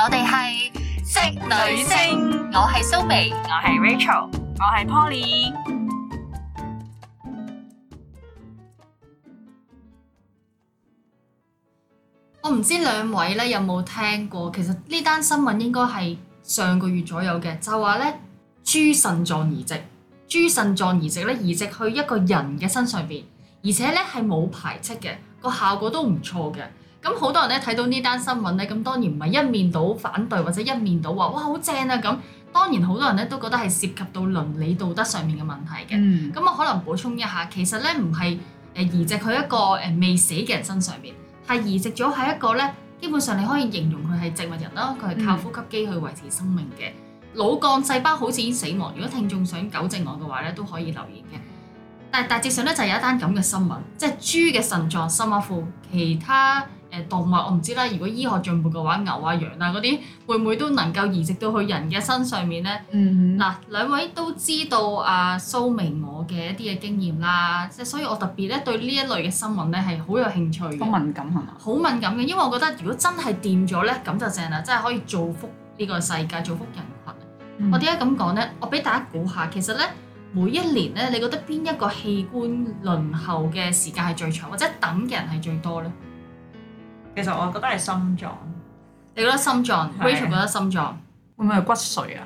我哋係職女聲， 我係蘇媚， 我係 Rachel，我係 Polly。我唔知兩位咧有冇聽過，其實呢單新聞應該係上個月左右嘅，就話咧豬腎臟移植，豬腎臟移植咧移植去一個人嘅身上邊，而且咧係冇排斥嘅，個效果都唔錯嘅。咁好多人咧睇到呢單新聞咧，咁當然唔係一面倒反對或者一面倒話哇好正啊！咁當然好多人咧都覺得係涉及到倫理道德上面嘅問題嘅。咁、嗯、我可能補充一下，其實咧唔係誒移植去一個誒未死嘅人身上面，係移植咗喺一個咧基本上你可以形容佢係植物人啦，佢係靠呼吸機去維持生命嘅。腦、嗯、幹細胞好似已經死亡。如果聽眾想糾正我嘅話咧，都可以留言嘅。但係大致上咧就有一單咁嘅新聞，即係豬嘅腎臟心臟副其他。誒動物，我唔知啦。如果醫學進步嘅話，牛啊、羊啊嗰啲會唔會都能夠移植到去人嘅身上面咧？嗱、mm，hmm. 兩位都知道阿、啊、蘇明蘇媚我嘅一啲嘅經驗啦，即係所以我特別咧對呢一類嘅新聞咧係好有興趣。好敏感係嘛？好敏感嘅，因為我覺得如果真係掂咗咧，咁就正啦，真係可以造福呢個世界、造福人群、mm hmm。我點解咁講咧？我俾大家估下，其實咧每一年咧，你覺得邊一個器官輪候嘅時間係最長，或者等嘅人係最多咧？其實我覺得係心臟，你覺得心臟係？Rachel 覺得心臟，會唔會係骨髓啊？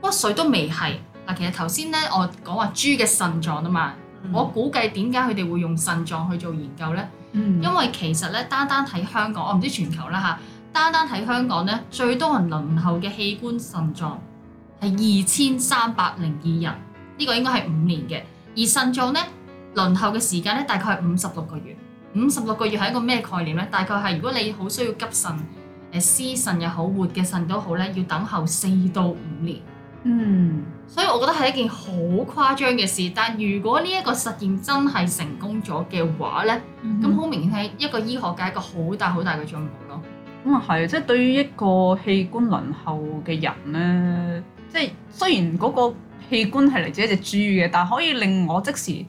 骨髓都未係。嗱，其實頭先咧，我講話豬嘅腎臟啊嘛，嗯、我估計點解佢哋會用腎臟去做研究咧？嗯、因為其實咧，單單喺香港，我唔知全球啦嚇，單單喺香港咧，最多人輪候嘅器官腎臟係二千三百零二人，呢個應該係五年嘅，而腎臟咧輪候嘅時間咧大概係五十六個月。五十六個月係一個咩概念呢？大概係如果你好需要急腎，誒、呃、屍腎又好，活嘅腎都好咧，要等候四到五年。嗯，所以我覺得係一件好誇張嘅事。但如果呢一個實驗真係成功咗嘅話呢，咁好明顯係一個醫學界一個好大好大嘅進步咯。咁啊係，即係對於一個器官輪候嘅人呢，即係雖然嗰個器官係嚟自一隻豬嘅，但可以令我即時。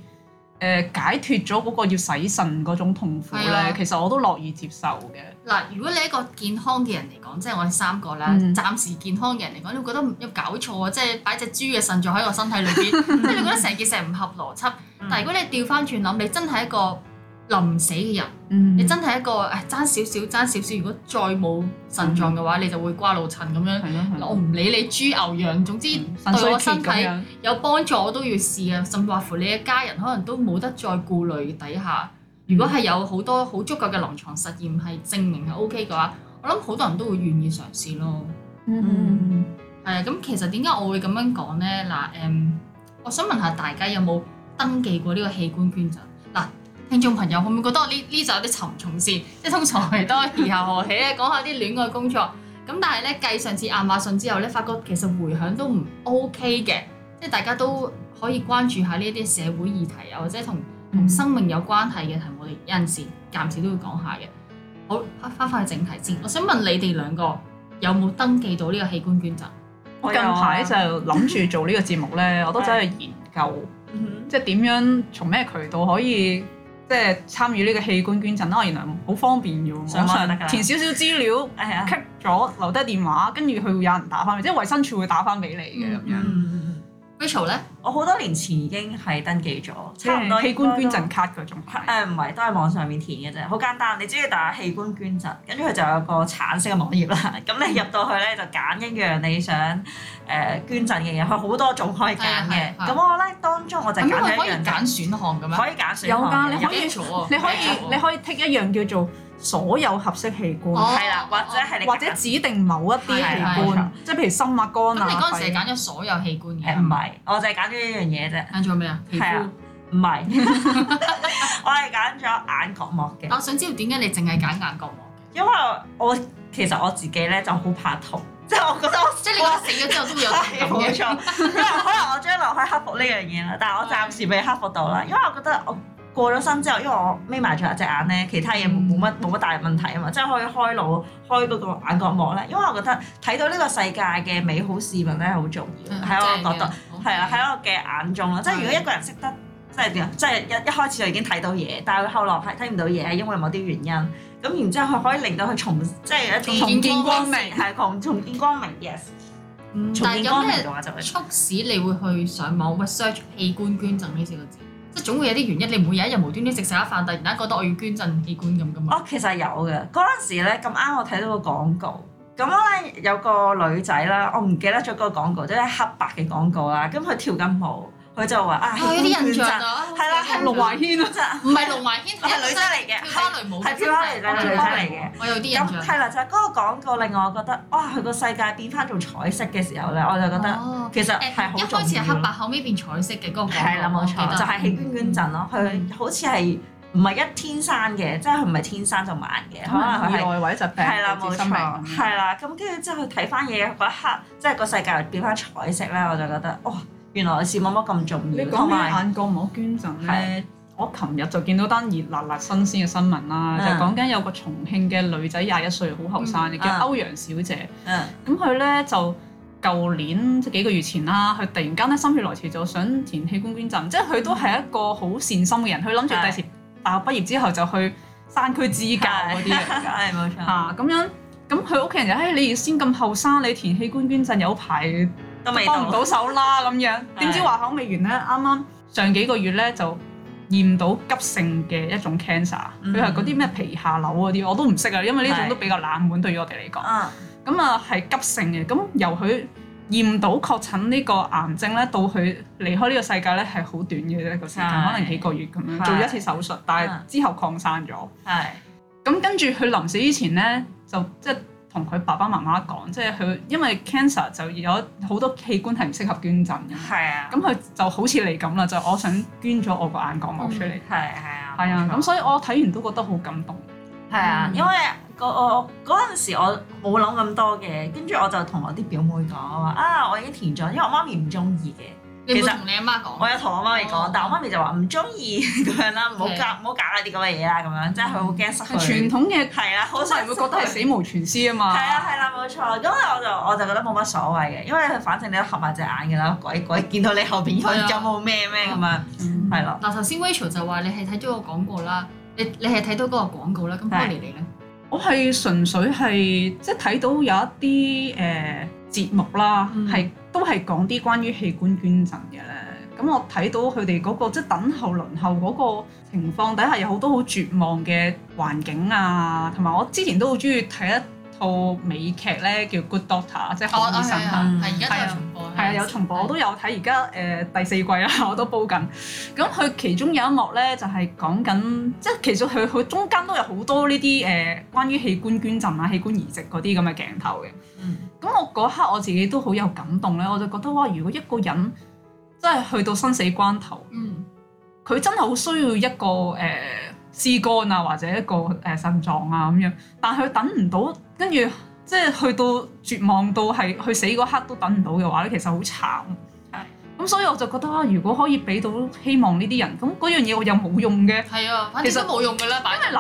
誒解脫咗嗰個要洗腎嗰種痛苦咧，的其實我都樂意接受嘅。嗱，如果你一個健康嘅人嚟講，即、就、係、是、我哋三個啦，嗯、暫時健康嘅人嚟講，你會覺得要搞錯啊？即係擺隻豬嘅腎臟喺我身體裏邊，即係、嗯、你會覺得成件事係唔合邏輯。嗯、但係如果你調翻轉諗，你真係一個。臨死嘅人，嗯、你真係一個誒爭少少，爭少少。如果再冇腎臟嘅話，嗯、你就會瓜老襯咁樣。嗱，我唔理你豬牛羊，總之、嗯、對我身體有幫助我，我都要試啊。甚至乎你一家人可能都冇得再顧慮底下。如果係有好多好足夠嘅臨床實驗係證明係 OK 嘅話，我諗好多人都會願意嘗試咯。嗯嗯，係啊。咁、嗯嗯嗯、其實點解我會咁樣講呢？嗱，誒，我想問，問下大家有冇登記過呢個器官捐贈？聽眾朋友，會唔會覺得呢呢就有啲沉重先？即係通常都時下何起咧講下啲戀愛工作咁， 但係咧繼上次亞馬遜之後咧，發覺其實回響都唔 OK 嘅，即係大家都可以關注下呢一啲社會議題啊，或者同同、嗯、生命有關係嘅題目，我哋有陣時暫時都會講下嘅。好翻翻去正題先，我想問你哋兩個有冇登記到呢個器官捐贈？我近排就諗住做呢個節目咧， 我都走去研究， 即係點樣從咩渠道可以。即係參與呢個器官捐贈啦，原來好方便嘅喎，想填少少資料，記咗 留低電話，跟住佢會有人打翻嚟，即係衞生署會打翻俾你嘅咁樣。咧，我好多年前已經係登記咗，差唔多 yeah, 器官捐贈卡嗰種。唔係、啊，都係網上面填嘅啫，好簡單。你只要打器官捐贈，跟住佢就有個橙色嘅網頁啦。咁你入到去咧，就揀一樣你想誒捐贈嘅嘢，佢好多種可以揀嘅。咁、yeah, yeah , yeah. 我咧當中我就揀咗一樣、就是。咁你可以揀選，選項噶咩？可以揀選，選有㗎，你可以你可以你可以 tick、啊、一樣叫做。所有合適器官，係啦，或者係你或者指定某一啲器官，即係譬如心、脈、肝啊。你嗰陣時係揀咗所有器官嘅？唔係，我就係揀咗一樣嘢啫。揀咗咩啊？皮膚？係啊，唔係，我係揀咗眼角膜嘅。我想知道點解你淨係揀眼角膜？因為我其實我自己咧就好怕痛，即係我覺得即係你死咗之後都會有痛嘅錯。因為可能我將來可以克服呢樣嘢啦，但係我暫時未克服到啦，因為我覺得我。過咗身之後，因為我眯埋咗一隻眼咧，其他嘢冇乜冇乜大問題啊嘛，即係可以開腦開嗰個眼角膜咧。因為我覺得睇到呢個世界嘅美好事物咧，好重要，喺我覺得係啊，喺我嘅眼中啦。即係如果一個人識得，即係點？即係一一開始就已經睇到嘢，但係後來係睇唔到嘢，係因為某啲原因。咁然之後，佢可以令到佢重即係一種重見光明，係重見光明。Yes。但係有咩促使你會去上網 research 器官捐贈呢四個字？即係總會有啲原因，你唔會有一日無端端食食下飯，突然間覺得我要捐贈器官咁噶嘛？哦，其實有嘅，嗰陣時咧咁啱我睇到個廣告，咁咧有個女仔啦，我唔記得咗嗰個廣告，即係黑白嘅廣告啦，咁佢跳緊舞。佢就話，啊，有啲印象，係啦，係龍懷軒嗰陣，唔係龍懷軒，係女仔嚟嘅，跳芭蕾舞，係跳芭蕾嘅女仔嚟嘅。我有啲印象。咁係啦，就係嗰個廣告令我覺得，哇！佢個世界變翻做彩色嘅時候咧，我就覺得，其實係好重要。一開始係黑白，後尾變彩色嘅嗰個廣告。係啦，冇錯，就係氣圈圈陣咯。佢好似係唔係一天生嘅，即係佢唔係天生就盲嘅，可能佢係內外疾病。係啦，冇錯，係啦。咁跟住之後睇翻嘢嗰一刻，即係個世界變翻彩色咧，我就覺得，哇！原來視網膜咁重要，同埋眼角膜捐贈咧，是我琴日就見到單熱辣辣新鮮嘅新聞啦， 就講緊有個重慶嘅女仔廿一歲，好後生嘅，叫歐陽小姐，咁佢咧就舊年即幾個月前啦，佢突然間咧心血來潮就想填器官捐贈， 即係佢都係一個好善心嘅人，佢諗住第時大學畢業之後就去山區支教嗰啲嘅，係冇錯啊，咁 樣咁佢屋企人就誒你先咁後生，你填器官捐贈有排。幫唔到手啦咁樣，點知話口未完呢？啱啱上幾個月呢，就驗到急性嘅一種 cancer，佢係嗰啲咩皮下瘤嗰啲，我都唔識啊，因為呢種都比較冷門對於我哋嚟講。咁啊係急性嘅，咁由佢驗到確診呢個癌症呢，到佢離開呢個世界呢，係好短嘅一個時間，可能幾個月咁樣做一次手術，但係之後擴散咗。係，咁跟住佢臨死之前呢，就即係。同佢爸爸媽媽講，即係佢因為 cancer 就有好多器官係唔適合捐贈嘅。係啊，咁佢就好似你咁啦，就我想捐咗我個眼角膜出嚟。係係、嗯、啊。係啊，咁、啊、所以我睇完都覺得好感動。係啊，嗯、因為、嗰個我嗰陣時我冇諗咁多嘅，跟住我就同我啲表妹講，我話、嗯、啊，我已經填咗，因為我媽咪唔中意嘅。其實同你阿媽講，我有同我媽咪講，但係我媽咪就話唔中意咁樣啦，唔好夾唔好搞呢啲咁嘅嘢啦，咁樣即係佢好驚失去傳統嘅係啦，好多人會覺得係死無全屍啊嘛。係啊，係啦，冇錯。咁我就我就覺得冇乜所謂嘅，因為反正你都合埋隻眼㗎啦，鬼鬼見到你後邊有冇咩咩咁樣，係啦。嗱，頭先 Rachel 就話你係睇咗個廣告啦，你你係睇到嗰個廣告啦，咁 Polly 你咧？我係純粹係即係睇到有一啲誒。節目啦，係、嗯、都係講啲關於器官捐贈嘅咧。咁我睇到佢哋嗰個即係、就是、等候輪候嗰個情況底下，有好多好絕望嘅環境啊。同埋我之前都好中意睇一套美劇咧，叫《Good Doctor》，即係《好醫生》。哦哦，係啊，而家、嗯啊、有重播。係啊，啊，有重播，啊、我都有睇。而家誒第四季啦，我都煲緊。咁佢其中有一幕咧，就係講緊，即、就、係、是、其實佢佢中間都有好多呢啲誒關於器官捐贈啊、器官移植嗰啲咁嘅鏡頭嘅。咁我嗰刻我自己都好有感動咧，我就覺得哇，如果一個人真係去到生死關頭，佢、嗯、真係好需要一個誒枝肝啊，或者一個誒腎、呃、臟啊咁樣，但係佢等唔到，跟住即係去到絕望到係去死嗰刻都等唔到嘅話咧，其實好慘。咁、嗯、所以我就覺得，如果可以俾到希望呢啲人，咁嗰樣嘢我又冇用嘅。係啊，其實冇用㗎啦，因為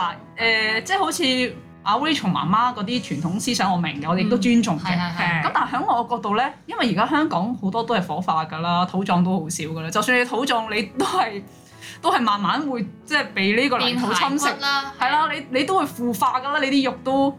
嗱誒，即係好似。呃呃呃呃呃呃阿 Rachel 媽媽嗰啲傳統思想我明嘅，我哋都尊重嘅。咁、嗯嗯、但係喺我角度咧，因為而家香港好多都係火化㗎啦，土葬都好少㗎啦。就算你土葬，你都係都係慢慢會即係被呢個泥土侵蝕。係啦，的的你你都會腐化㗎啦，你啲肉都。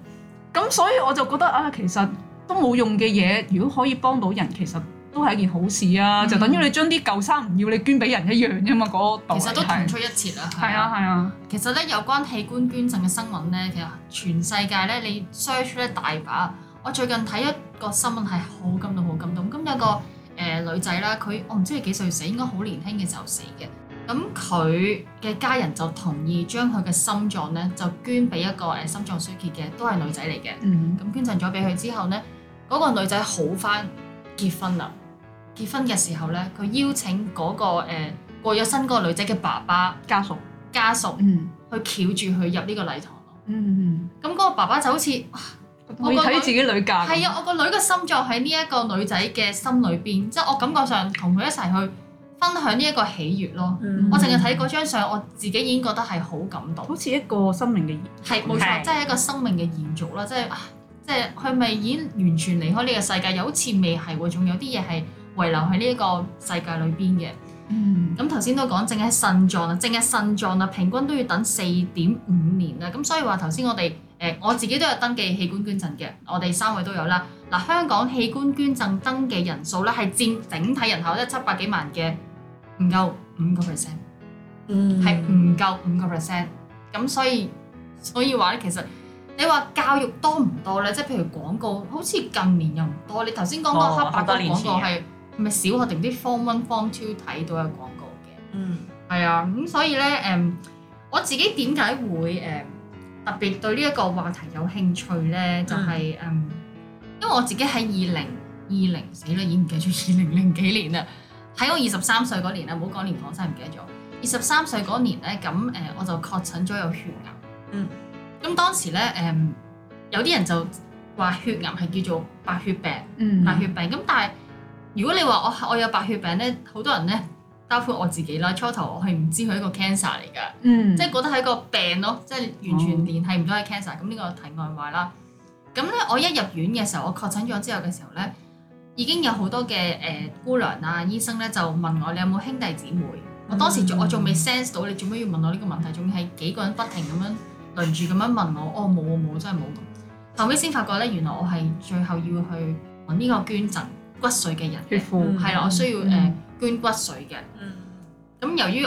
咁所以我就覺得啊，其實都冇用嘅嘢，如果可以幫到人，其實，都係一件好事啊！嗯、就等於你將啲舊衫唔要，你捐俾人一樣啫嘛。嗰個道理，其實都同出一轍啊。係啊係啊。那個、其實咧、啊啊，有關器官捐贈嘅新聞咧，其實全世界咧，你 search 咧大把。我最近睇一個新聞係好感，感動，好感動。咁有個誒女仔啦，佢我唔知係幾歲死，應該好年輕嘅時候死嘅。咁佢嘅家人就同意將佢嘅心臟咧，就捐俾一個誒心臟衰竭嘅，都係女仔嚟嘅。嗯。咁捐贈咗俾佢之後咧，嗰、嗰個女仔好翻，結婚啦。結婚嘅時候咧，佢邀請嗰個誒過咗身嗰個女仔嘅爸爸家屬，家屬嗯，去翹住佢入呢個禮堂咯。嗯，咁嗰個爸爸就好似我睇自己女嫁，係啊，我個女嘅心臟喺呢一個女仔嘅心裏邊，即係我感覺上同佢一齊去分享呢一個喜悅咯。我淨係睇嗰張相，我自己已經覺得係好感動。好似一個生命嘅係冇錯，即係一個生命嘅延續啦，即係啊即係佢咪已經完全離開呢個世界？又好似未係喎，仲有啲嘢係。遺留喺呢一個世界裏邊嘅，咁頭先都講，淨係腎臟啦，淨係腎臟啦，平均都要等四點五年啦，咁所以話頭先我哋誒、呃、我自己都有登記器官捐贈嘅，我哋三位都有啦。嗱，香港器官捐贈登記人數咧，係佔整體人口得七百幾萬嘅，唔夠五個 percent，係唔夠五個 percent，咁所以所以話咧，其實你話教育多唔多呢？即係譬如廣告，好似近年又唔多。你頭先講嗰個黑白嘅廣告係。係咪小學定啲 form one form two 睇到有廣告嘅、嗯啊？嗯，係啊，咁所以咧，誒我自己點解會誒、嗯、特別對呢一個話題有興趣咧？就係、係、誒、嗯，因為我自己喺二零二零，死啦，已經唔記得咗二零零幾年啦。喺我二十三歲嗰年咧，唔好講年真係唔記得咗。二十三歲嗰年咧，咁誒我就確診咗有血癌、嗯。嗯，咁當時咧，誒有啲人就話血癌係叫做白血病，嗯，白血病咁，但係。如果你話我我有白血病咧，好多人咧，包括我自己啦。初頭我係唔知佢係一個 cancer 嚟㗎，嗯、即係覺得係一個病咯，即係完全聯繫唔到係 cancer。咁呢個題外話啦。咁咧，我一入院嘅時候，我確診咗之後嘅時候咧，已經有好多嘅誒、呃、姑娘啦、啊，醫生咧就問我你有冇兄弟姊妹？我當時仲我仲未 sense 到你做咩要問我呢個問題，仲要係幾個人不停咁樣輪住咁樣問我，我、哦、冇，我冇，真係冇。後尾先發覺咧，原來我係最後要去搵呢個捐贈。骨髓嘅人，血庫，係啦，我需要誒捐骨髓嘅。咁由於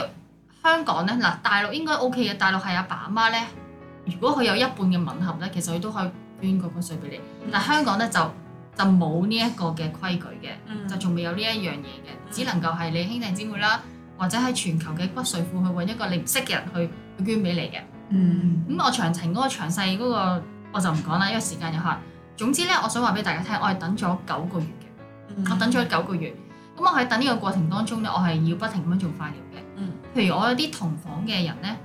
香港呢，嗱，大陸應該 O K 嘅。大陸係阿爸阿媽呢，如果佢有一半嘅吻合呢，其實佢都可以捐個骨髓俾你。但香港呢，就就冇呢一個嘅規矩嘅，就仲未有呢一樣嘢嘅，只能夠係你兄弟姊妹啦，或者喺全球嘅骨髓庫去揾一個你唔識嘅人去去捐俾你嘅。咁我詳情嗰個詳細嗰個我就唔講啦，因為時間有限。總之呢，我想話俾大家聽，我係等咗九個月。我等咗九個月，咁我喺等呢個過程當中咧，我係要不停咁樣做化療嘅。嗯，譬如我有啲同房嘅人咧，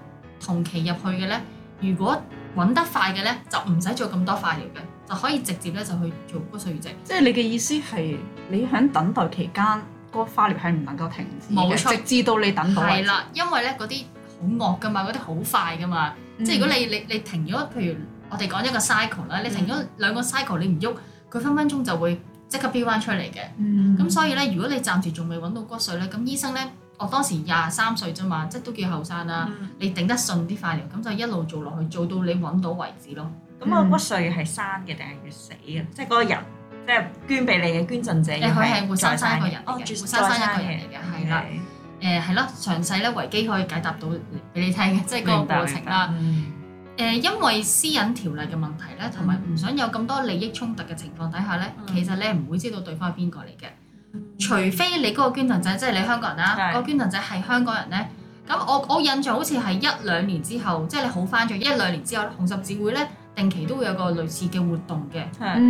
同期入去嘅咧，如果搵得快嘅咧，就唔使做咁多化療嘅，就可以直接咧就去做骨髓移植。即係你嘅意思係，你喺等待期間個化療係唔能夠停，冇錯，直至到你等到。係啦，因為咧嗰啲好惡㗎嘛，嗰啲好快㗎嘛。嗯、即係如果你你你停咗，譬如我哋講一個 cycle 啦，你停咗兩個 cycle 你唔喐，佢、嗯、分分鐘就會。即刻 build 翻出嚟嘅，咁、嗯、所以咧，如果你暫時仲未揾到骨髓咧，咁醫生咧，我當時廿三歲啫嘛，即係都叫後生啦，嗯、你頂得順啲化療，咁就一路做落去，做到你揾到為止咯。咁啊、嗯，骨髓係生嘅定係要死嘅？即係嗰個人，即係捐俾你嘅捐贈者，佢係活生生一個人嘅，活、哦、活生生一個人嚟嘅，係啦，誒係咯，詳細咧維基可以解答到俾你聽嘅，即係個過程啦。嗯嗯誒，因為私隱條例嘅問題咧，同埋唔想有咁多利益衝突嘅情況底下咧，嗯、其實你係唔會知道對方係邊個嚟嘅，嗯、除非你嗰個捐贈仔即係、就是、你香港人啦，是的 個捐贈仔係香港人咧。咁我我印象好似係一兩年之後，即、就、係、是、你好翻咗一兩年之後咧，紅十字會咧定期都會有個類似嘅活動嘅，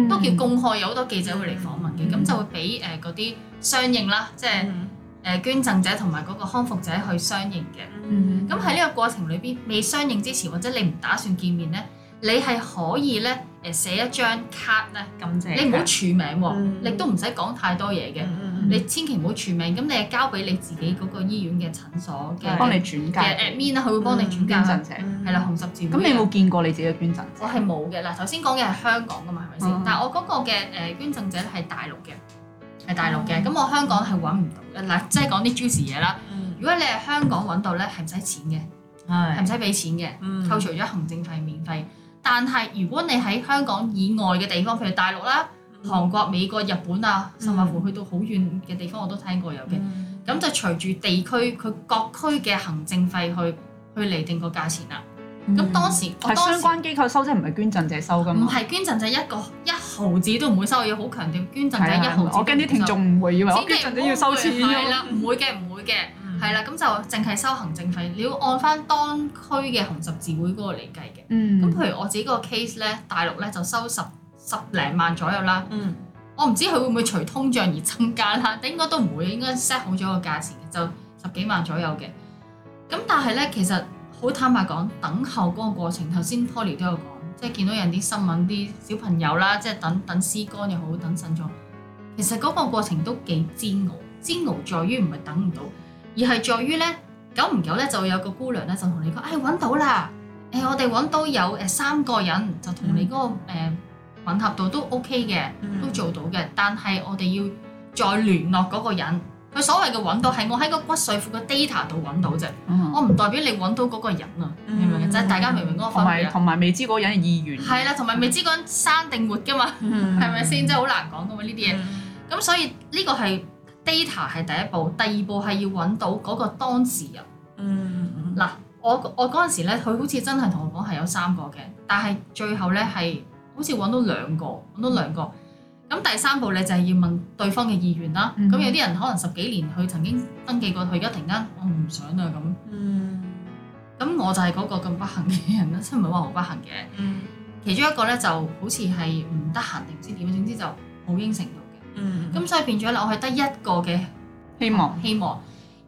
都叫是的、嗯、公開，有好多記者會嚟訪問嘅，咁、嗯嗯、就會俾誒嗰啲相應啦，即、就、係、是。嗯誒，捐贈者同埋嗰個康復者去相認嘅，咁喺呢個過程裏邊未相認之前，或者你唔打算見面咧，你係可以咧，誒寫一張卡咧，咁正，你唔好署名喎，你都唔使講太多嘢嘅，你千祈唔好署名，咁你係交俾你自己嗰個醫院嘅診所嘅嘅 admin 啊，佢會幫你轉介捐贈者，係啦，紅十字。咁你有冇見過你自己嘅捐贈？我係冇嘅，嗱，頭先講嘅係香港噶嘛，係咪先？但係我嗰個嘅誒捐贈者咧係大陸嘅。係大陸嘅，咁、嗯、我香港係揾唔到，嗱，即係講啲 juicy 嘢啦。嗯、如果你係香港揾到咧，係唔使錢嘅，係唔使俾錢嘅，扣除咗行政費免費。但係如果你喺香港以外嘅地方，譬如大陸啦、韓國、美國、日本啊，甚至乎去到好遠嘅地方，嗯、我都聽過有嘅。咁、嗯、就隨住地區佢各區嘅行政費去去嚟定個價錢啦。咁當時係、嗯、相關機構收啫，唔係捐贈者收噶。唔係捐贈者一個一毫子都唔會收，要好強調捐贈者一毫子。我驚啲聽眾唔會以為我捐贈者要收錢嘅。係啦，唔會嘅，唔會嘅，係啦、嗯，咁就淨係收行政費，你要按翻當區嘅紅十字會嗰個嚟計嘅。咁、嗯、譬如我自己嗰個 case 咧，大陸咧就收十十零萬左右啦。嗯、我唔知佢會唔會隨通脹而增加啦，但應該都唔會，應該 set 好咗個價錢，就十幾萬左右嘅。咁但係咧，其實。好坦白講，等候嗰個過程，頭先 Polly 都有講，即係見到人啲新聞，啲小朋友啦，即係等等輸肝又好，等腎臟，其實嗰個過程都幾煎熬。煎熬在於唔係等唔到，而係在於呢，久唔久呢，就有個姑娘呢，就同你講，誒揾到啦！誒、哎、我哋揾到有誒三個人就同你嗰、那個誒、嗯呃、吻合度都 OK 嘅，都做到嘅，但係我哋要再聯絡嗰個人。佢所謂嘅揾到係我喺個骨髓庫嘅 data 度揾到啫，嗯、哼我唔代表你揾到嗰個人啊，明唔明？即係大家明唔明嗰個分別啊？同埋同埋未知嗰個人嘅意願係啦，同埋未知嗰人生定活噶嘛，係咪先？真係好難講噶嘛呢啲嘢。咁、嗯、哼所以呢個係 data 係第一步，第二步係要揾到嗰個當事人。嗱，我我嗰陣時咧，佢好似真係同我講係有三個嘅，但係最後咧係好似揾到兩個，揾到兩個。咁第三步咧就係要問對方嘅意願啦。咁、mm hmm. 有啲人可能十幾年佢曾經登記過，佢而家突然間我唔想啦、啊、咁。嗯。咁、mm hmm. 我就係嗰個咁不幸嘅人啦，即係唔係話我不幸嘅。嗯、mm。Hmm. 其中一個咧就好似係唔得閒定唔知點樣，總之就冇應承到嘅。嗯、mm。咁、hmm. 所以變咗咧，我係得一個嘅希望，希望，希望。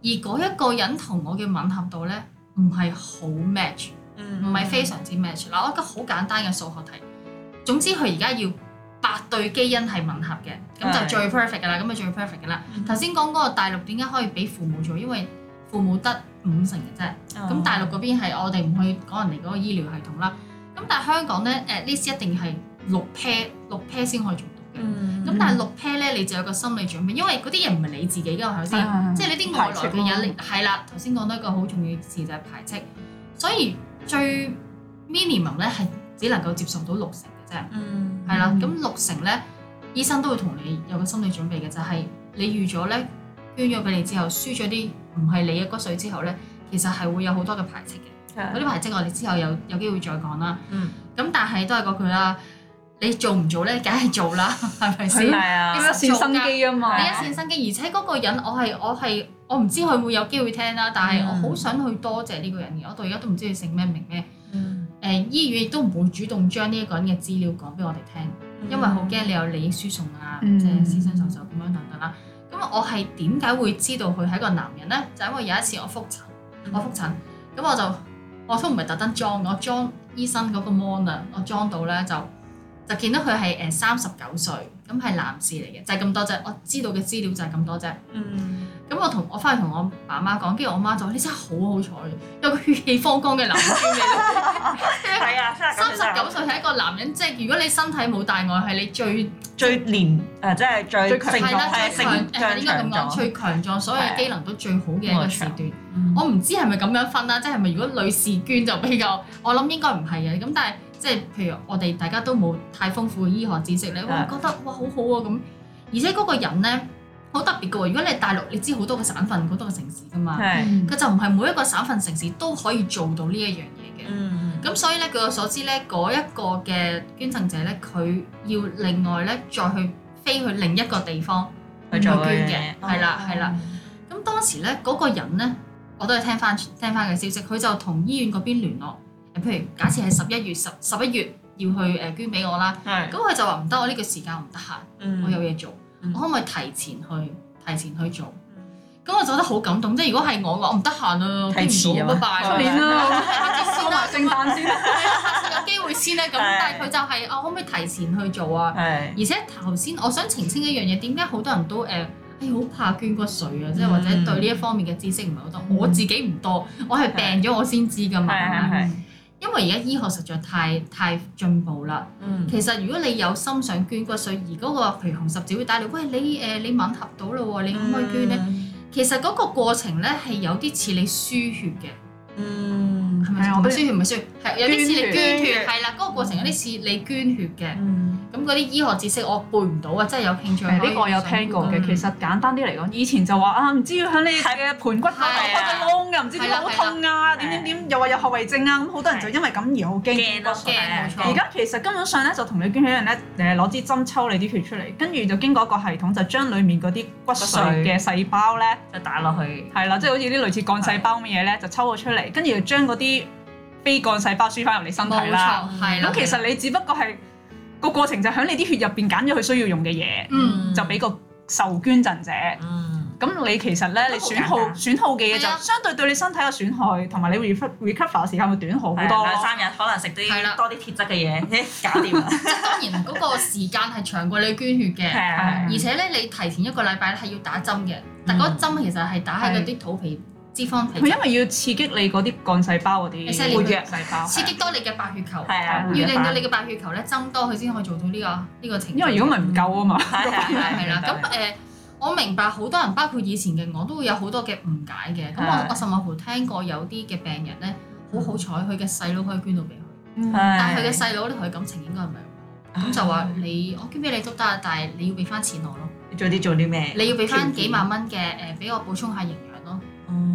而嗰一個人同我嘅吻合度咧唔係好 match，唔係非常之 match。嗱、mm，hmm. 我一個好簡單嘅數學題，總之佢而家要。八對基因係吻合嘅，咁就最 perfect 噶啦，咁就最 perfect 噶啦。頭先講嗰個大陸點解可以俾父母做，因為父母得五成嘅啫。咁、oh. 大陸嗰邊係我哋唔去講人哋嗰個醫療系統啦。咁但係香港咧，at least 一定係六 pair 六 pair 先可以做到嘅。咁、mm hmm. 但係六 pair 咧，你就有個心理準備，因為嗰啲嘢唔係你自己㗎嘛，係咪先？Mm hmm. 即係你啲外來嘅嘢，你係啦。頭先講到一個好重要嘅事就係排斥，所以最 minimum 咧係只能夠接受到六成。嗯，係啦的，咁、嗯、六成咧，醫生都會同你有個心理準備嘅，就係、是、你預咗咧，捐咗俾你之後，輸咗啲唔係你嘅骨髓之後咧，其實係會有好多嘅排斥嘅。嗰啲排斥我哋之後有有機會再講啦。咁、嗯、但係都係嗰句啦，你做唔做咧，梗係做啦，係咪先？係啊，呢一線生機啊嘛，你一線生機。的而且嗰個人我，我係我係我唔知佢會有機會聽啦，但係我好想去多謝呢個人，我到而家都唔知佢姓咩名咩。誒、呃、醫院亦都唔會主動將呢一個人嘅資料講俾我哋聽，嗯、因為好驚你有利益輸送啊，嗯、即係私相授受咁樣等等啦。咁我係點解會知道佢係一個男人呢？就是、因為有一次我覆診，我覆診咁我就我都唔係特登裝我裝醫生嗰個 mon 啊，我裝到呢，就就見到佢係誒三十九歲，咁係男士嚟嘅，就係、是、咁多啫。我知道嘅資料就係咁多啫。嗯咁我同我翻去同我爸媽講，跟住我媽就話：你真係好好彩有個血氣方剛嘅男人嚟。係啊 三十九歲係一個男人，即係 如果你身體冇大礙，係、就是、你最最年誒，即係最強壯、欸、最強壯、應該咁講、最強壯，所有嘅機能都最好嘅一個時段。嗯、我唔知係咪咁樣分啦，即係咪如果女士捐就比較，我諗應該唔係嘅。咁但係即係譬如我哋大家都冇太豐富嘅醫學知識咧，你覺得哇好好啊咁，而且嗰個人咧。好特別嘅喎，如果你大陸，你知好多個省份、好多個城市噶嘛，佢就唔係每一個省份城市都可以做到呢一樣嘢嘅。咁所以咧，據我所知呢，嗰一個嘅捐贈者呢，佢要另外呢，再去飛去另一個地方去再捐嘅，係啦，係啦。咁當時呢，嗰個人呢，我都係聽翻聽翻嘅消息，佢就同醫院嗰邊聯絡，譬如假設係十一月十十一月要去誒捐俾我啦，咁佢就話唔得，我呢個時間我唔得閒，我有嘢做。我可唔可以提前去？提前去做，咁、嗯、我就覺得好感動。即係如果係我話，我唔得閒啊，睇唔到骨牌，出年啦，睇下先啦，聖誕先啦，睇下有機會先咧。咁，但係佢就係、是，我可唔可以提前去做啊？ 而且頭先我想澄清一樣嘢，點解好多人都誒，哎好怕捐骨髓啊，即係、嗯、或者對呢一方面嘅知識唔係好多。我自己唔多，我係病咗我先知㗎嘛。嗯 因為而家醫學實在太太進步啦，嗯、其實如果你有心想捐骨髓，而嗰個譬紅十字會帶你，喂，你誒你，你吻合到啦喎，你可唔可以捐咧？嗯、其實嗰個過程咧係有啲似你輸血嘅。嗯，係咪啊？唔係輸血，唔係輸血，係有啲似你捐血，係啦，嗰個過程有啲似你捐血嘅。咁嗰啲醫學知識我背唔到啊，真係有興趣。呢個有聽過嘅，其實簡單啲嚟講，以前就話啊，唔知要響你嘅盤骨嗰度開個窿嘅，唔知點解好痛啊，點點點，又話有後遺症啊，咁好多人就因為咁而好驚。驚！冇錯。而家其實根本上咧就同你捐血人咧，誒攞支針抽你啲血出嚟，跟住就經過一個系統就將裡面嗰啲骨髓嘅細胞咧，就打落去。係啦，即係好似啲類似幹細胞嘅嘢咧，就抽咗出嚟。跟住將嗰啲非幹細胞輸翻入你身體啦，咁其實你只不過係個過程就喺你啲血入邊揀咗佢需要用嘅嘢，就俾個受捐贈者。咁你其實咧，你損耗損耗嘅嘢就相對對你身體嘅損害同埋你 recover 嘅時間會短好多。兩三日可能食啲多啲鐵質嘅嘢，咦搞掂啦！當然嗰個時間係長過你捐血嘅，而且咧你提前一個禮拜咧係要打針嘅，但嗰針其實係打喺嗰啲肚皮。係因為要刺激你嗰啲幹細胞嗰啲，免疫細胞，刺激多你嘅白血球，係啊，要令到你嘅白血球咧增多，佢先可以做到呢個呢個情，因為如果唔係唔夠啊嘛，係係啦。咁誒，我明白好多人，包括以前嘅我，都會有好多嘅誤解嘅。咁我我甚至乎聽過有啲嘅病人咧，好好彩佢嘅細佬可以捐到俾佢，但係佢嘅細佬咧佢感情應該係唔係咁，就話你我捐俾你都得，但係你要俾翻錢我咯。做啲做啲咩？你要俾翻幾萬蚊嘅誒，俾我補充下營養。咯，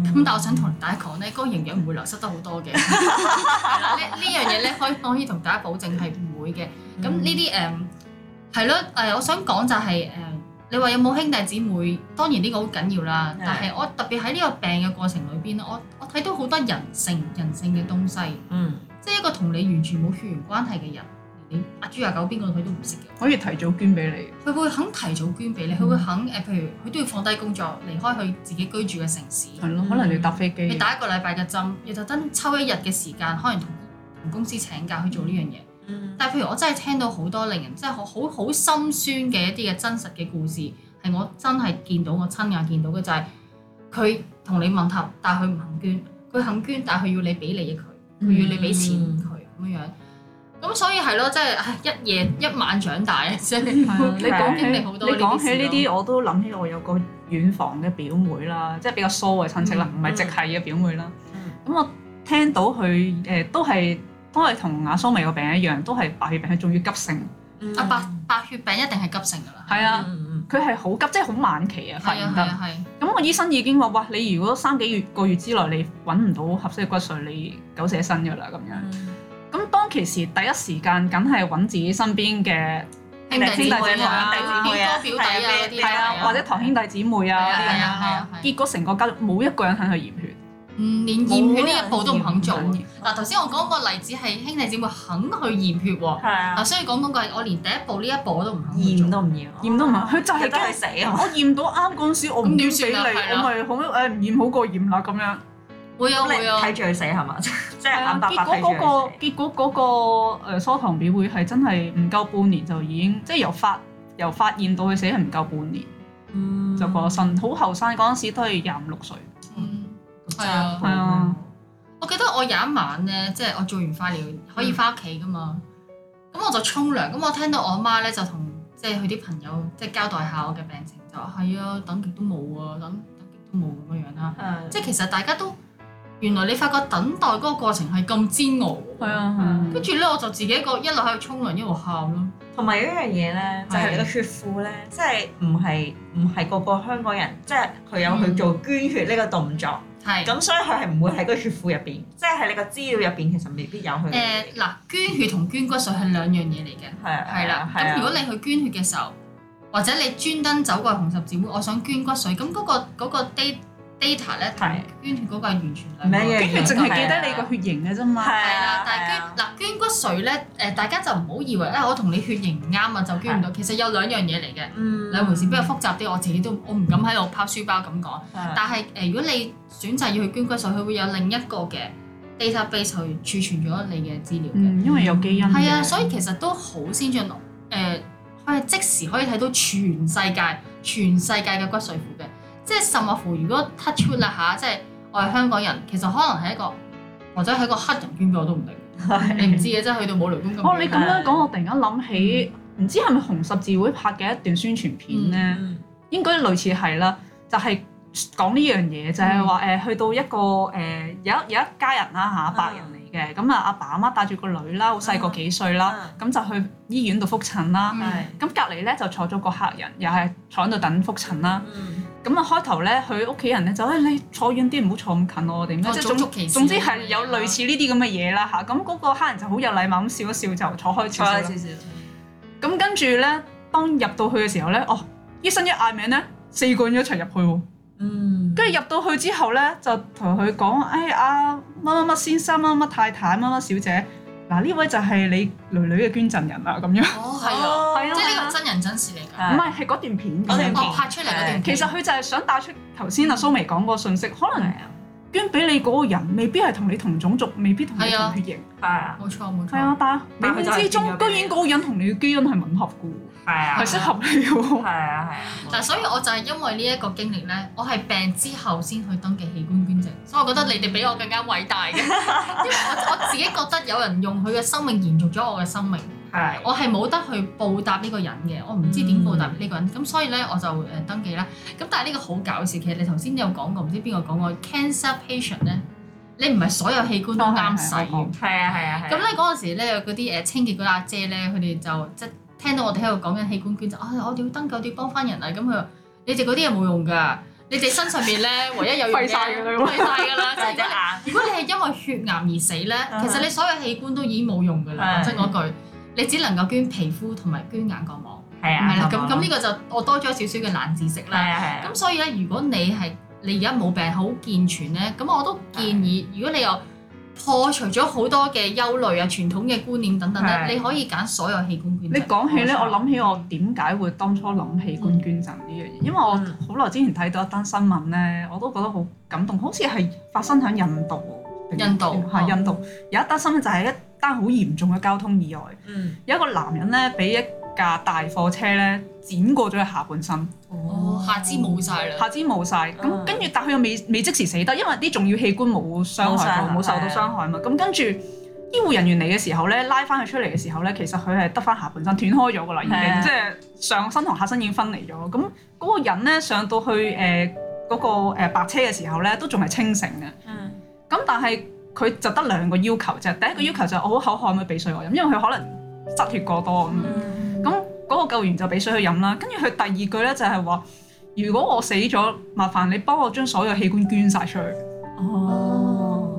咁、嗯、但係我想同大家講咧，嗰、那個營養唔會流失得好多嘅，呢 呢對 樣嘢咧可以可以同大家保證係唔會嘅。咁呢啲誒係咯，誒、um, 我想講就係、是、誒，uh, 你話有冇兄弟姊妹？當然呢個好緊要啦，嗯、但係我特別喺呢個病嘅過程裏邊，我我睇到好多人性人性嘅東西，嗯，即係一個同你完全冇血緣關係嘅人。阿、啊、豬阿狗邊個佢都唔識嘅，可以提早捐俾你。佢會肯提早捐俾你，佢、嗯、會肯誒，譬如佢都要放低工作，離開佢自己居住嘅城市。係咯、嗯，可能你要搭飛機。你打一個禮拜嘅針，你特登抽一日嘅時間，可能同同公司請假去做呢樣嘢。嗯、但係譬如我真係聽到好多令人真係好好好心酸嘅一啲嘅真實嘅故事，係我真係見到我親眼見到嘅就係佢同你吻合，但係佢唔肯捐。佢肯捐，但佢要你俾利益佢，佢要你俾錢佢咁樣咁所以係咯，即係一夜一晚長大啊！經歷，你講起你好多呢你講起呢啲，我都諗起我有個遠房嘅表妹啦，即係比較疏嘅親戚啦，唔係直係嘅表妹啦。咁我聽到佢誒都係都係同阿蘇媚個病一樣，都係白血病，佢仲要急性。啊，白白血病一定係急性噶啦。係啊，佢係好急，即係好晚期啊！發現得。咁我醫生已經話，哇！你如果三幾月個月之內你揾唔到合適嘅骨髓，你九死一生噶啦咁樣。當其時第一時間，梗係揾自己身邊嘅兄弟姐妹啊、表哥表弟啊，係啊，或者堂兄弟姊妹啊，結果成個家族冇一個人肯去驗血，嗯，連驗血呢一步都唔肯做。嗱，頭先我講個例子係兄弟姊妹肯去驗血喎，係啊，嗱，所以講嗰個我連第一步呢一步我都唔肯驗都唔驗，驗都唔驗，佢就係驚死啊！我驗到啱嗰陣時，我唔死你，我咪講誒唔驗好過驗啦咁樣。會有，會有，睇住佢死係嘛？即係眼白白結果嗰、那個，結果嗰個誒，疏堂表會係真係唔夠半年就已經，即、就、係、是、由發由發現到佢死係唔夠半年，嗯、就過咗身。好後生嗰陣時都係廿五六歲。嗯，係啊係啊，啊啊我記得我有一晚咧，即係我做完化療可以翻屋企噶嘛，咁、嗯、我就沖涼，咁我聽到我阿媽咧就同即係佢啲朋友即係交代下我嘅病情，就係啊，等極都冇啊，等等極都冇咁樣樣啦。即係其實大家都。原來你發覺等待嗰個過程係咁煎熬喎，係啊，跟住咧我就自己個一路喺度沖涼一路喊咯。同埋有一樣嘢咧，就係、是、你呢、啊、就是是個血庫咧，即係唔係唔係個個香港人，即係佢有去做捐血呢個動作，係咁、嗯，所以佢係唔會喺個血庫入邊，即係喺你個資料入邊，其實未必有佢。誒嗱、呃，捐血同捐骨髓係兩樣嘢嚟嘅，係啦。咁如果你去捐血嘅時候，或者你專登走過紅十字會，我想捐骨髓，咁嗰、那個嗰、那個啲。那那個 data 咧，同捐血嗰個係完全兩樣嘅。麼捐血淨係記得你個血型嘅啫嘛。係啦，但係捐嗱、啊、捐骨髓咧，誒大家就唔好以為咧，我同你血型唔啱啊就捐唔到。啊、其實有兩樣嘢嚟嘅，兩、嗯、回事比較複雜啲。我自己都我唔敢喺度拋書包咁講。啊、但係誒、呃，如果你選擇要去捐骨髓，佢會有另一個嘅 data base 去儲存咗你嘅資料嘅。嗯，因為有基因。係啊，所以其實都好先進誒，可、呃、以即時可以睇到全世界全世界嘅骨髓庫嘅。即係甚至乎，如果 touch wood 啦嚇，即係我係香港人，其實可能係一個，或者係一個黑人捐血我都唔定，你唔知嘅，真係去到冇雷捐血。哦，你咁樣講，我突然間諗起，唔知係咪紅十字會拍嘅一段宣傳片咧？應該類似係啦，就係講呢樣嘢，就係話誒，去到一個誒有有一家人啦嚇，白人嚟嘅，咁啊阿爸阿媽帶住個女啦，好細個幾歲啦，咁就去醫院度復診啦。咁隔離咧就坐咗個客人，又係坐喺度等復診啦。咁啊開頭咧，佢屋企人咧就誒你坐遠啲，唔好坐咁近我哋咁，哦、即係總總之係有類似呢啲咁嘅嘢啦嚇。咁嗰、啊、個黑人就好有禮貌咁笑一笑就坐開住。坐開少少。咁跟住咧，當入到去嘅時候咧，哦，醫生一嗌名咧，四個人一齊入去喎。嗯。跟住入到去之後咧，就同佢講：誒阿乜乜乜先生，乜乜太太，乜乜小姐。嗱呢位就係你女女嘅捐贈人啦，咁樣。哦，係啊，即係呢個真人真事嚟㗎。唔係，係嗰段片，我我拍出嚟嗰段片。其實佢就係想帶出頭先阿蘇媚講個訊息，可能係啊。捐俾你嗰個人未必係同你同種族，未必同你同血型。係啊，冇錯冇錯。係啊，但冥冥之中居然嗰個人同你嘅基因係吻合㗎。係啊，係適合你喎。係啊係啊。但係，所以我就係因為呢一個經歷咧，我係病之後先去登記器官捐贈，所以我覺得你哋比我更加偉大嘅，因為我我自己覺得有人用佢嘅生命延續咗我嘅生命。係。我係冇得去報答呢個人嘅，我唔知點報答呢個人。咁所以咧，我就誒登記啦。咁但係呢個好搞笑，其實你頭先有講過，唔知邊個講過，cancer patient 咧，你唔係所有器官都啱使嘅。係啊係啊係啊。咁咧嗰陣時咧，嗰啲誒清潔嗰啲阿姐咧，佢哋就即。聽到我哋喺度講緊器官捐就啊，我哋要登記啲幫翻人啊，咁佢話，你哋嗰啲嘢冇用噶，你哋身上面咧唯一有用嘅，廢曬嘅啦，廢曬嘅啦，即係如果你係因為血癌而死咧，其實你所有器官都已經冇用嘅啦。講真嗰句，你只能夠捐皮膚同埋捐眼角膜，係啊，咁咁呢個就我多咗少少嘅冷知識啦。係。咁所以咧，如果你係你而家冇病好健全咧，咁我都建議，如果你有。破除咗好多嘅憂慮啊，傳統嘅觀念等等咧，的你可以揀所有器官捐。你講起咧，錯我諗起我點解會當初諗器官捐贈呢樣嘢，嗯、因為我好耐之前睇到一單新聞咧，我都覺得好感動，好似係發生喺印度。印度係印度、哦、有一單新聞就係一單好嚴重嘅交通意外。嗯，有一個男人咧俾一架大貨車咧剪過咗佢下半身，哦，下肢冇晒啦，下肢冇晒，咁、嗯、跟住但佢又未未即時死得，因為啲重要器官冇傷害到，冇了受到傷害啊嘛，咁、嗯、跟住醫護人員嚟嘅時候咧，拉翻佢出嚟嘅時候咧，其實佢係得翻下半身斷開咗噶啦，已經即係上身同下身已經分離咗，咁嗰個人咧上到去誒嗰、呃嗰個白車嘅時候咧，都仲係清醒嘅，嗯，咁但係佢就得兩個要求啫，第一個要求就係我好口渴，可唔可以俾水我飲？因為佢可能失血過多。嗯嗯。嗰個救援就俾水去飲啦，跟住佢第二句咧就係話：如果我死咗，麻煩你幫我將所有器官捐晒出去。哦，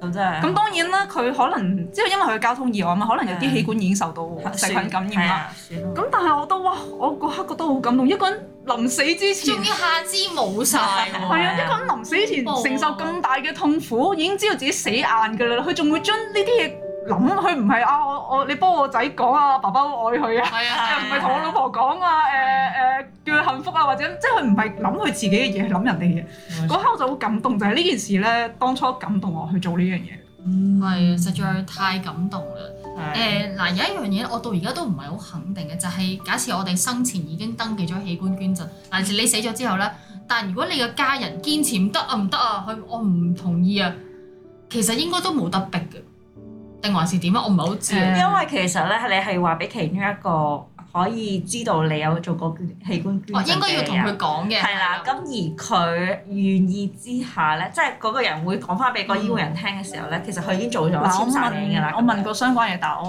咁真、就是、當然啦，佢、啊、可能即係因為佢交通意外啊嘛，可能有啲器官已經受到、嗯、細菌感染啦。咁、啊、但係我都哇，我嗰刻覺得好感動，一個人臨死之前，仲要下肢冇晒。係啊 對，一個人臨死之前 承受咁大嘅痛苦，已經知道自己死硬㗎啦，佢仲會將呢啲嘢。諗佢唔係啊！我我你幫我仔講啊！爸爸愛佢啊！係啊！又唔係同我老婆講啊！誒誒，叫佢幸福啊！或者即係佢唔係諗佢自己嘅嘢，諗人哋嘅。嗰刻我就好感動，就係呢件事咧，當初感動我去做呢樣嘢。唔係，實在太感動啦！誒，嗱，有一樣嘢我到而家都唔係好肯定嘅，就係假設我哋生前已經登記咗器官捐贈，但係，你死咗之後咧，但如果你嘅家人堅持唔得啊，唔得啊，佢我唔同意啊，其實應該都冇得逼嘅。定還是點啊？我唔係好知。因為其實咧，你係話俾其中一個可以知道你有做過器官捐嘅嘢，應該要同佢講嘅。係啦。咁而佢願意之下咧，即係嗰個人會講翻俾個醫護人聽嘅時候咧，其實佢已經做咗簽曬名㗎啦。我問過相關嘢，但係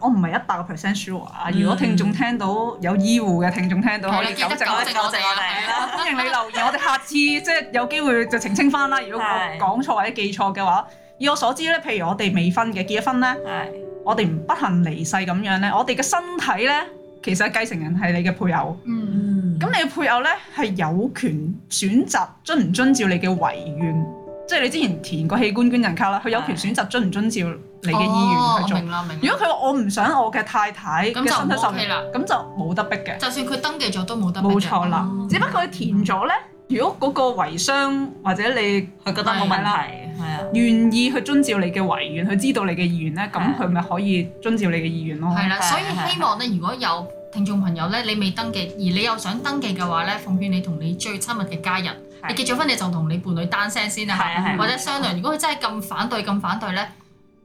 我我唔係一百個 percent sure 啊。如果聽眾聽到有醫護嘅聽眾聽到，可以糾正啦，糾正我哋啦。歡迎你留言，我哋下次即係有機會就澄清翻啦。如果講錯或者記錯嘅話。以我所知咧，譬如我哋未婚嘅，結咗婚咧，的我哋唔不幸離世咁樣咧，我哋嘅身體咧，其實繼承人係你嘅配偶。嗯，咁你嘅配偶咧係有權選擇遵唔遵照你嘅遺願，嗯、即係你之前填個器官捐贈卡啦，佢的有權選擇遵唔遵照你嘅遺願去做。明，明。如果佢話我唔想我嘅太太嘅身體受，咁就冇得逼嘅。就算佢登記咗都冇得逼。冇錯啦，只不過佢填咗咧。嗯嗯如果嗰個遺孀或者你佢覺得冇問題，係啊，願意去遵照你嘅遺願，去知道你嘅意願咧，咁佢咪可以遵照你嘅意願咯。係啦，所以希望咧，如果有聽眾朋友咧，你未登記而你又想登記嘅話咧，奉勸你同你最親密嘅家人，你結咗婚你就同你伴侶單聲先啊，或者商量。如果佢真係咁反對，咁反對咧，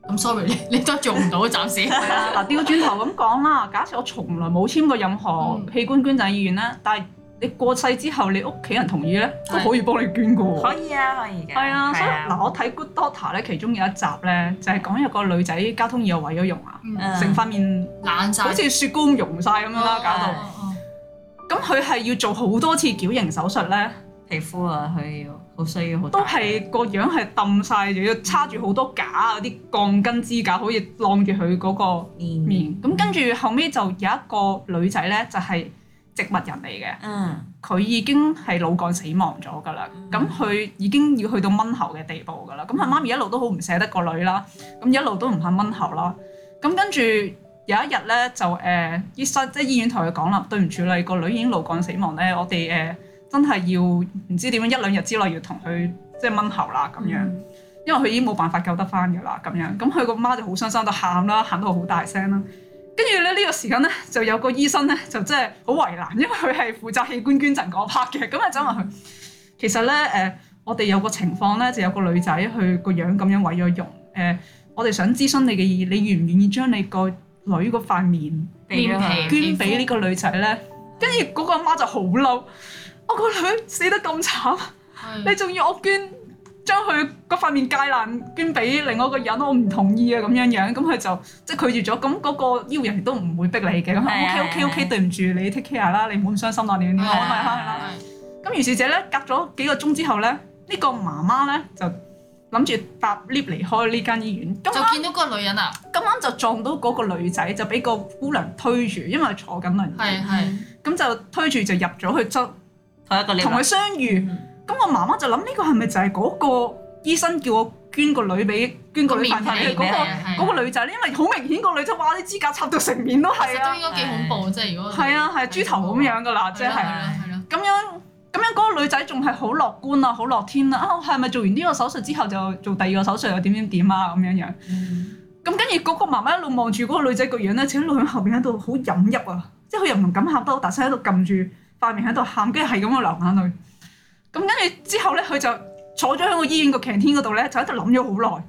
咁 sorry 你你都做唔到，暫時。嗱，調個轉頭咁講啦，假設我從來冇簽過任何器官捐贈意願咧，但係。你過世之後，你屋企人同意咧，都可以幫你捐噶。可以啊，可以嘅。係啊，所以嗱，我睇 Good Doctor 咧，其中有一集咧，就係講一個女仔交通意外毀咗容啊，成塊面爛晒，好似雪糕融晒咁樣啦，搞到。咁佢係要做好多次矯形手術咧，皮膚啊，佢要好衰，要好多。都係個樣係晒，仲要叉住好多架嗰啲鋼筋支架，可以晾住佢嗰個面面。咁跟住後尾就有一個女仔咧，就係。植物人嚟嘅，佢、嗯、已經係腦幹死亡咗噶啦，咁佢、嗯、已經要去到掹喉嘅地步噶啦，咁佢媽咪一路都好唔捨得個女啦，咁一路都唔肯掹喉啦，咁跟住有一日咧就誒醫生即係醫院同佢講啦，對唔住啦，個女已經腦幹死亡咧，我哋誒、呃、真係要唔知點樣一兩日之內要同佢即係掹喉啦咁樣，因為佢已經冇辦法救得翻噶啦咁樣，咁佢個媽就好傷心就喊啦，喊到好大聲啦。跟住咧呢、這個時間咧，就有個醫生咧就真係好為難，因為佢係負責器官捐贈嗰 part 嘅，咁啊走埋去。其實咧，誒、呃，我哋有個情況咧，就有個女仔佢個樣咁樣毀咗容。誒、呃，我哋想諮詢你嘅意義，你願唔願意將你個女嗰塊面捐俾呢、啊、個女仔咧？跟住嗰阿媽就好嬲，我個女死得咁慘，嗯、你仲要我捐？將佢嗰塊面解爛捐俾另外一個人，我唔同意啊！咁樣樣，咁佢就即係拒絕咗。咁嗰個醫護人員亦都唔會逼你嘅。咁話 OK OK OK，對唔住，你 take care 啦，你唔好咁傷心啦，你咁樣啦。咁於是者咧，隔咗幾個鐘之後咧，呢個媽媽咧就諗住搭 lift 離開呢間醫院。就見到嗰個女人啊！咁啱就撞到嗰個女仔，就俾個姑娘推住，因為坐緊輪椅。係係。咁就推住就入咗去執。同一個 lift。同佢相遇。咁我媽媽就諗，呢個係咪就係嗰個醫生叫我捐個女俾捐個女塊面嘅嗰個女仔咧、那個那個那個？因為好明顯個女仔話啲指甲插到成面都係、啊，都應該幾恐怖，即係的如果係啊係豬頭咁樣㗎喇怖，即係係咯係咯。咁怖樣咁怖樣嗰，那個女仔仲係好樂觀啊，好樂天啊！啊，係咪做完呢個手術之後就做第二個手術又點點點啊咁樣樣？咁、嗯、跟住嗰個媽媽一路望住嗰個女仔個樣咧，而且一路喺後邊喺度好飲泣啊！即係佢又唔敢喊得，好大聲，但係喺度撳住塊面喺度喊，跟住係咁樣流眼淚。咁跟住之後咧，佢就坐咗喺個醫院個 canteen 嗰度咧，就喺度諗咗好耐，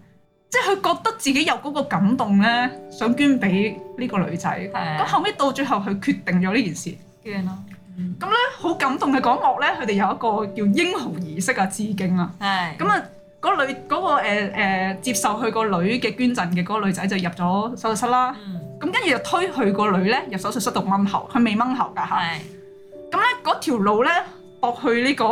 即係佢覺得自己有嗰個感動咧，想捐俾呢個女仔。咁後尾到最後，佢決定咗呢件事捐咯。咁咧好感動嘅講幕咧，佢哋有一個叫英雄儀式啊，致敬啊。係。咁啊，嗰女嗰個誒誒接受佢個女嘅捐贈嘅嗰個女仔就入咗手術室啦。嗯。咁跟住就推佢個女咧入手術室度掹喉，佢未掹喉㗎嚇。係。咁咧嗰條路咧。駁去呢個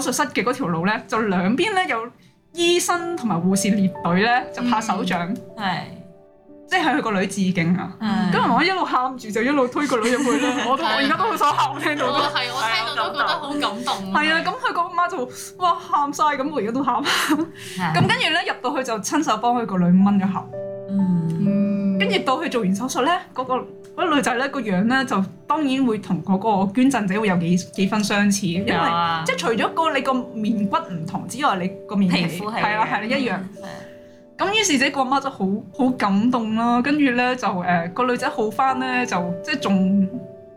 手術室嘅嗰條路咧，就兩邊咧有醫生同埋護士列隊咧，就拍手掌，係、嗯、即係向佢個女致敬啊！咁我一路喊住就一路推個女入去啦。我，我都 我而家都好想喊，聽到都我聽到都覺得好感動。係啊，咁佢個媽就哇喊晒，咁我而家都喊、啊。咁跟住咧入到去就親手幫佢個女掹咗喉。是嗯嗯跟住到佢做完手術咧，嗰、嗰個嗰個女仔咧個樣咧就當然會同嗰個捐贈者會有幾幾分相似，因為 即係除咗、個你個面骨唔同之外，你個面皮係啦係啦一樣。咁 於是即係、個媽媽就好好感動啦，跟住咧就誒、呃個女仔好翻咧，就即係仲。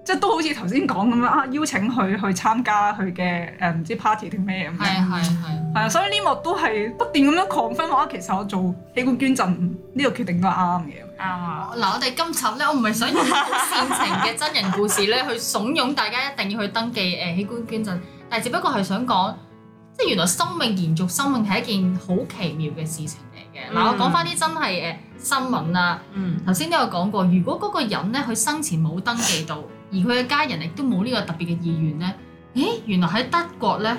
即係都好似頭先講咁樣啊，邀請佢去參加佢嘅誒唔知 party 定咩咁。係係係。係啊的，所以呢幕都係不斷咁樣狂分話，其實我做器官捐贈呢個決定都係啱嘅。啱啊！嗱，我哋今集咧，我唔係想用煽情嘅真人故事咧 去慫恿大家一定要去登記誒器官捐贈，但係只不過係想講，即係原來生命延續、生命係一件好奇妙嘅事情嚟嘅。嗱，我講翻啲真係誒新聞啦。嗯。頭先都有講過，如果嗰個人咧，佢生前冇登記到。 而佢嘅家人亦都冇呢個特別嘅意願咧，誒，原來喺德國咧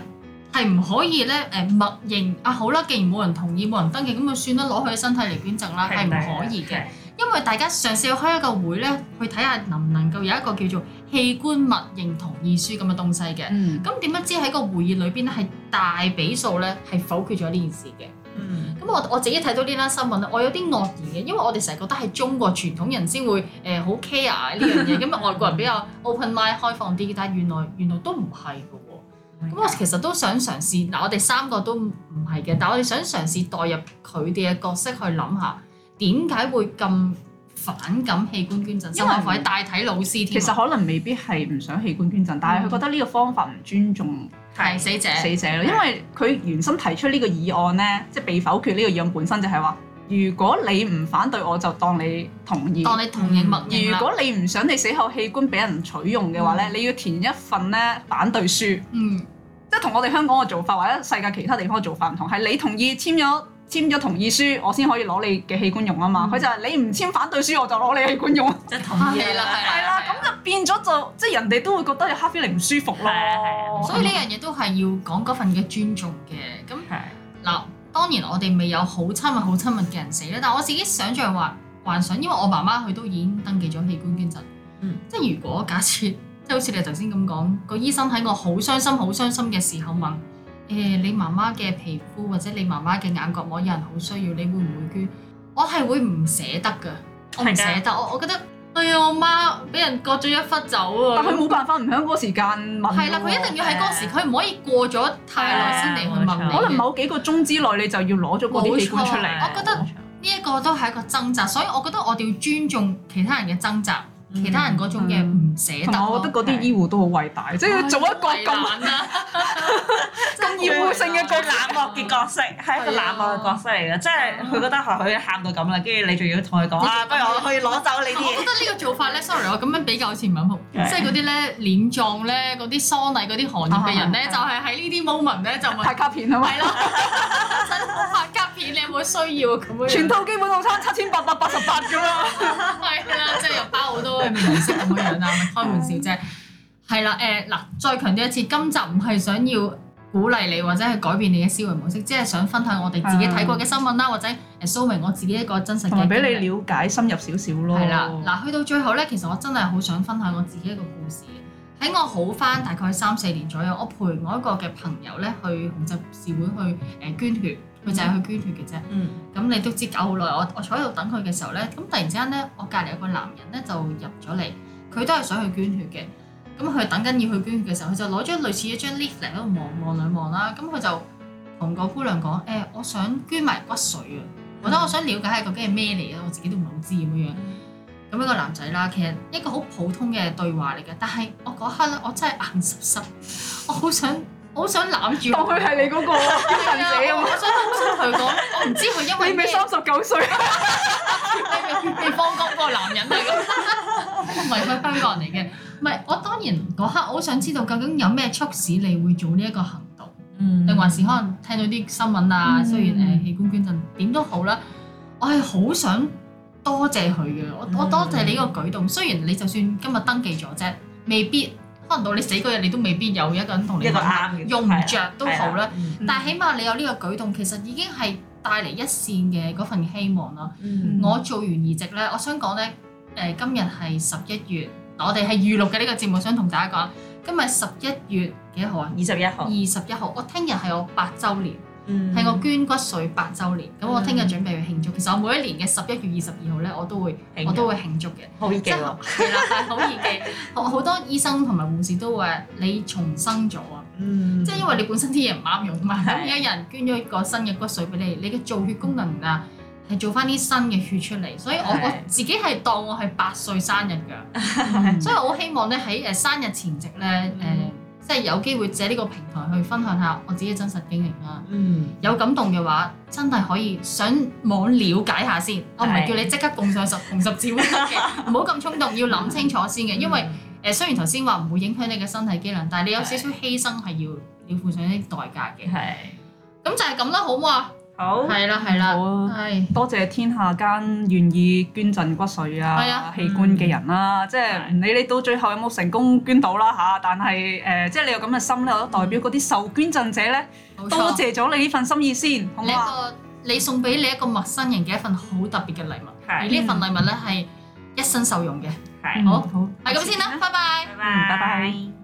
係唔可以咧誒默認啊，好啦，既然冇人同意，冇人登記，咁就算啦，攞佢嘅身體嚟捐贈啦，係唔可以嘅，因為大家嘗試要開一個會咧，去睇下能唔能夠有一個叫做器官默認同意書咁嘅東西嘅，咁點不知喺個會議裏邊咧係大比數咧係否決咗呢件事嘅。嗯，咁我、嗯、我自己睇到呢單新聞咧，我有啲愕然嘅，因為我哋成日覺得係中國傳統人先會誒好、呃、care 呢樣嘢，咁啊、 嗯、外國人比較 open mind 開放啲，但係原來原來都唔係嘅喎。咁的我其實都想嘗試，嗱我哋三個都唔係嘅，但係我哋想嘗試代入佢哋嘅角色去諗下，點解會咁反感器官捐贈？因為佢係大體老師其實可能未必係唔想器官捐贈，嗯、但係佢覺得呢個方法唔尊重。係死者，死者咯。因為佢原生提出呢個議案咧，的即係被否決呢個議案本身就係話，如果你唔反對，我就當你同意。當你同意默認。如果你唔想你死後器官俾人取用嘅話咧，嗯、你要填一份咧反對書。嗯，即係同我哋香港嘅做法或者世界其他地方嘅做法唔同，係你同意簽咗。簽咗同意書，我先可以攞你嘅器官用啊嘛！佢、嗯、就係、是、你唔簽反對書，我就攞你器官用。即同意啦，係啦， 咁就變咗就即係人哋都會覺得你 hard feeling 唔舒服咯。所以呢樣嘢都係要講嗰份嘅尊重嘅。咁嗱，的當然我哋未有好親密好親密嘅人死啦，但我自己想象話幻想，因為我爸爸佢都已經登記咗器官捐贈。嗯，即係如果假設，即係好似你頭先咁講，個醫生喺我好傷心、好傷心嘅時候問。嗯誒，你媽媽嘅皮膚或者你媽媽嘅眼角膜有人好需要，你會唔會捐？我係會唔捨得㗎，我唔捨得。我我覺得，哎呀，我媽俾人割咗一忽走啊！但佢冇辦法唔喺嗰個時間問。係啦，佢一定要喺嗰時，佢唔可以過咗太耐先嚟去問你。可能某幾個鐘之內，你就要攞咗嗰啲器官出嚟。我覺得呢一個都係一個掙扎，所以我覺得我哋要尊重其他人嘅掙扎。其他人嗰種嘅唔捨得，同我覺得嗰啲醫護都好偉大，即係要做一個咁冷啊，咁義務性嘅一個冷漠嘅角色，係一個冷漠嘅角色嚟嘅，即係佢覺得佢喊到咁啦，跟住你仲要同佢講啊，不如我可以攞走你啲。我覺得呢個做法咧，sorry，我咁樣比較前文幅，即係嗰啲咧，殮葬咧，嗰啲喪禮嗰啲行業嘅人咧，就係喺呢啲 moment 咧就拍卡片啊，係咯，真拍卡片，你有冇需要咁全套基本套餐七千八百八十八噶嘛，係啦，即係又包好多。模式咁嘅樣啦，開玩笑啫。係啦，誒嗱，再強調一次，今集唔係想要鼓勵你，或者係改變你嘅思維模式，即係想分享我哋自己睇過嘅新聞啦，或者誒蘇媚我自己一個真實嘅俾 你了解深入少少咯。係啦，嗯，嗱，去到最後咧，其實我真係好想分享我自己一個故事。喺我好翻大概三四年左右，我陪我一個嘅朋友咧去紅十字會去誒捐血。佢就係去捐血嘅啫，咁、嗯、你都知搞好耐，我我坐喺度等佢嘅時候咧，咁突然之間咧，我隔離有個男人咧就入咗嚟，佢都係想去捐血嘅，咁佢等緊要去捐血嘅時候，佢就攞咗類似一張 leaf 嚟喺度望望兩望啦，咁佢就同個姑娘講：誒、欸，我想捐埋骨髓啊，或者、嗯、我想了解下究竟係咩嚟嘅，我自己都唔係好知咁樣樣。咁、那、一個男仔啦，其實一個好普通嘅對話嚟嘅，但係我嗰刻咧，我真係眼濕濕，我好想。 我好想攬住，當佢係你嗰、那個、 啊、我想好想同佢講，我唔知佢因為你未三十九歲，未 幫過嗰、那個男人嚟嘅， 我唔係佢香港人嚟嘅，唔係我當然嗰刻我好想知道究竟有咩促使你會做呢一個行動，定、嗯、還是可能聽到啲新聞啊？嗯、雖然誒器官捐贈點都好啦，我係好想多謝佢嘅，我我多謝你個舉動，雖然你就算今日登記咗啫，未必。可能到你死嗰日，你都未必有一個人同你講，一個用唔着都好啦。嗯、但係起碼你有呢個舉動，其實已經係帶嚟一綫嘅嗰份希望咯。嗯、我做完移植咧，我想講咧，誒、呃、今日係十一月，我哋係預錄嘅呢個節目，想同大家講今日十一月幾號啊？二十一號，二十一號，我聽日係我八周年，係、嗯、我捐骨髓八周年，咁我聽日準備去慶。嗯嗯每一年嘅十一月二十二號咧，我都會、啊、我都會慶祝嘅，好易記喎、啊，係好易記。我好多醫生同埋護士都話：你重生咗啊！嗯、即係因為你本身啲嘢唔啱用嘛，咁是有人捐咗一個新嘅骨髓俾你，你嘅造血功能啊係、嗯、是做翻啲新嘅血出嚟，所以我我自己係當我係八歲生日㗎，嗯、 所以我好希望咧喺誒生日前夕咧誒。呃嗯即係有機會借呢個平台去分享下我自己真實經歷啦。嗯，有感動嘅話，真係可以上網了解下先。嗯、我唔係叫你即刻共上十共上紅十字會，唔好咁衝動，要諗清楚先嘅。因為誒、嗯、雖然頭先話唔會影響你嘅身體機能，但係你有少少犧牲係要，要是付上啲代價嘅。係是。咁就係咁啦，好唔好？好，係啦，係啦，多謝天下間願意捐贈骨髓啊、器官嘅人啦，即係唔理你到最後有冇成功捐到啦嚇，但係誒，即係你有咁嘅心咧，我都代表嗰啲受捐贈者咧，多謝咗你呢份心意先，好嗎？你一個你送俾你一個陌生人嘅一份好特別嘅禮物，係呢份禮物咧係一生受用嘅，係好，係咁先啦，拜拜，拜拜，拜拜。